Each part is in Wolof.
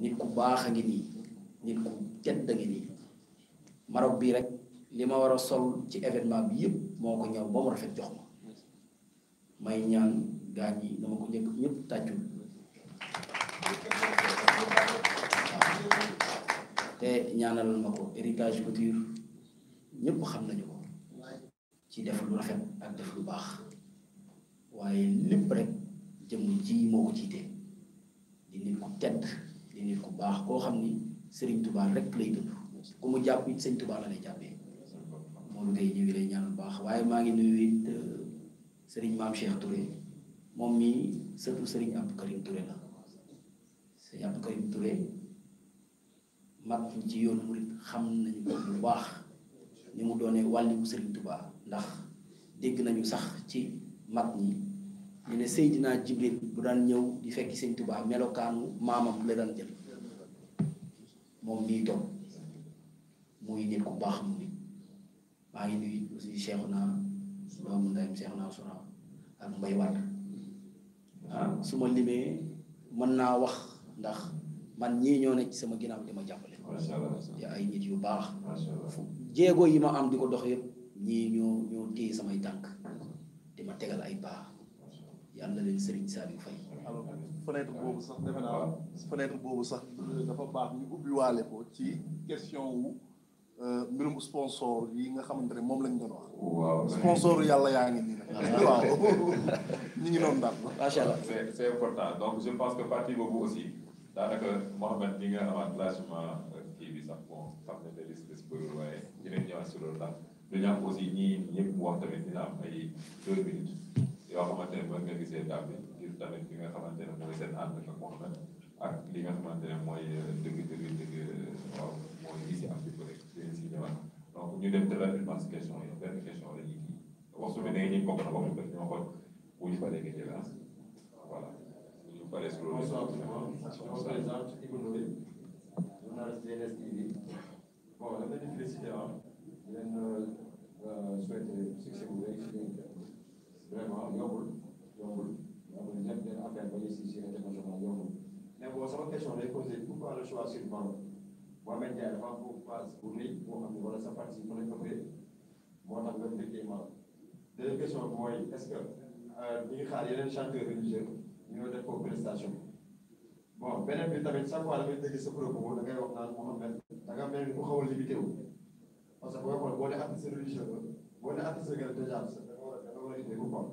nit ku baax ngi ni nit ku tedd ngi ni marok bi rek li ma war a sol ci événement bi yépp moo ko ñëw ba mu rafet jox ma may ñaan gaañ yi dama ko njëkk ñëpp tàccul te ñaanal ma ko héritage couture ñëpp xam nañu ko ci def lu rafet ak def lu baax waaye lépp rek jëm ji moo ko jiite di nit ku tedd di nit ku baax ko xamni serigne touba rek lay dund ku mu japp it serigne touba la eh. lay jàppee moom tey ñu ngi lay ñaanal baax waye ma ngi nuyu it eh, serigne mam Cheikh eh. Touré mom mi sëtu serigne Abdou Karim Touré la serigne Abdou Karim Touré mag ci yoon mourid xam nañ ko bu baax ni mu doone walli wàlliwu serigne touba ndax dégg nañu sax ci mat ñi ñu ne sayidina Jibril bu daan ñëw di fekk serigne touba melokaanu maamam la daan jël moom mii toog muy nit ku baax mu nit maa ngi nuyu aussi Cheikhouna doomu ndeyam Cheikhouna Soura ak Mbaye Wade ah su ma limee mën naa wax ndax man ñii ñoo ne ci sama ginnaaw di ma jàppale. te ay nit yu baax. fu jéego yi ma am di ko dox yëpp ñii ñoo ñoo téye samay tànk di ma tegal ay baax. c'est important donc je pense que partie boobu aussi daanaka Mohamed ñi nga amaat largement euh, kii bi sax bon xam vous ne risque risque boobu waaye dinañ ñëwaat si aussi yoo xamante ne mën nga gisee daal bi ngir tamit li nga xamante ne mooy seen ànd ak Mouhamed ak li nga xamante ne mooy euh, dëgg dëgg euh, dëgg waaw mooy lii si am bi ko rek dinañ si ñëwaat donc ñu dem te rapidement si question yi benn question la ñuy kii waxtu bi da ngeen ñu bokk na waxtu bi ñoo xool bu ñu paree nga jëlaat ah, voilà bu ñu paree si loolu. bon dama leen félicité ah di leen euh, souhaité succès bu rëy vraiment yombul yombul yombul ñëpp benn affaire ba yegg si si international yombul mais bon sama question lay posé pourquoi le choix sur Maroc Mohamed Ndiaye dafa am phase bu rëy boo xam ne wala sa parti fa la ko bëree moo tax nga dëkkee Maroc deuxième question euh, bi mooy est ce que ñu ngi xaar yeneen chanteur religieux ñu def ko prestation bon beneen bi tamit chaque fois da ngay dégg sa propos da ngay wax naan Mohamed da nga mel ni ku xaw a limité wu parce que booy xool boo nee artiste religieux la boo nee artiste religieux déjà la ñu dégg xool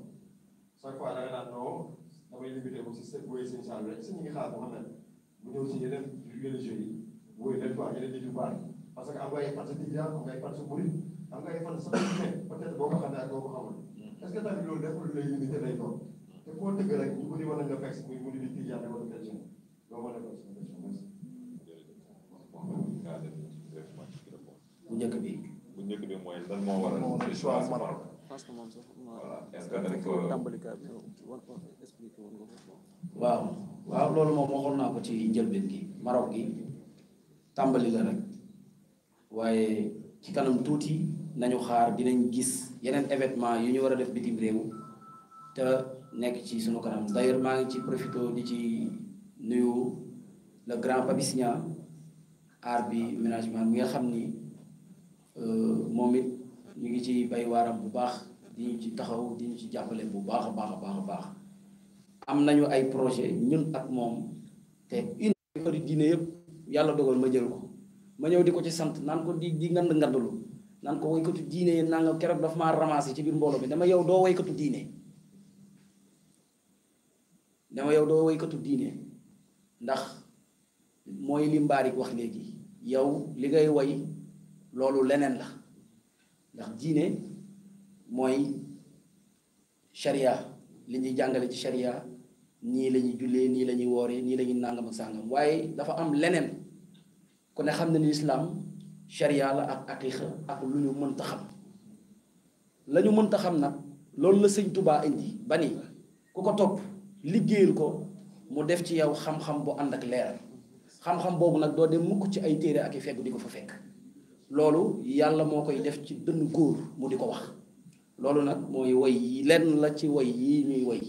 chaque fois da nga naan non damay limité wu si sa wóoy seen saal rek si ñu ngi xaar Mouhamed mu ñëw si yeneen religieux yi wóoy leen quoi yeneen nit yu baax parce que am nga ay fàtte tijaan am nga ay fàtte murid am nga ay fàtte sax mais peut être boo ko xamee ak boo ko xamul est ce que tamit loolu nekkul lay limité lay doon te koo tëgg rek ñu bëri wala nga fekk muy murid tijaan wala chrétien doo mën a doon sama question merci. bu njëkk bi bu njëkk bi mooy lan moo waral choix que moom sax ma tàmbali ka expliqué woon nga ko waaw waaw loolu Wah, waxoon naa ko ci njëlbeen gi Maroc gi tàmbali la ci kanam nañu xaar dinañ gis yeneen événement yu ñu war a def bitim réew te nekk ci sunu kanam d'ailleurs maa ngi ci di ci nuyu le grand Papis art bi ménagement mi nga xam ni euh, moom it ñu ngi ci bay waram bu baax di ñu ci taxaw di ñu ci jàppale bu baax a baax a baax a baax am nañu ay projet ñun ak moom te une heure diine yëpp yàlla dogal ma jël ko ma ñëw di ko ci sant naan ko di di ngand ngandlu naan ko waykatu diine yi naa nga keroog daf maa ramassé ci biir mbooloo bi dama yow doo waykatu diine dama yow doo waykatu diine ndax mooy li mbaarik wax léegi yow li ngay way loolu leneen la ndax diine mooy sharia li ñuy jàngale ci sharia nii lañuy ñuy nii la ñuy wooree nii la ñuy nàngam ak sàngam waaye dafa am leneen ku ne xam ne ni islaam sharia la ak aqiqa ak lu ñu mënta xam la mënta xam nag loolu la sëñ tubaa indi ba ni ku ko topp liggéeyal ko mu def ci yow xam-xam bu ànd ak leeral xam-xam boobu nag doo dem mukk ci ay téere ak i fekk di ko fa fekk loolu yàlla moo koy def ci dënn góor mu di ko wax loolu nag mooy woy yi lenn la ci woy yi ñuy woy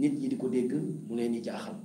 nit yi di ko dégg mu leen di jaaxal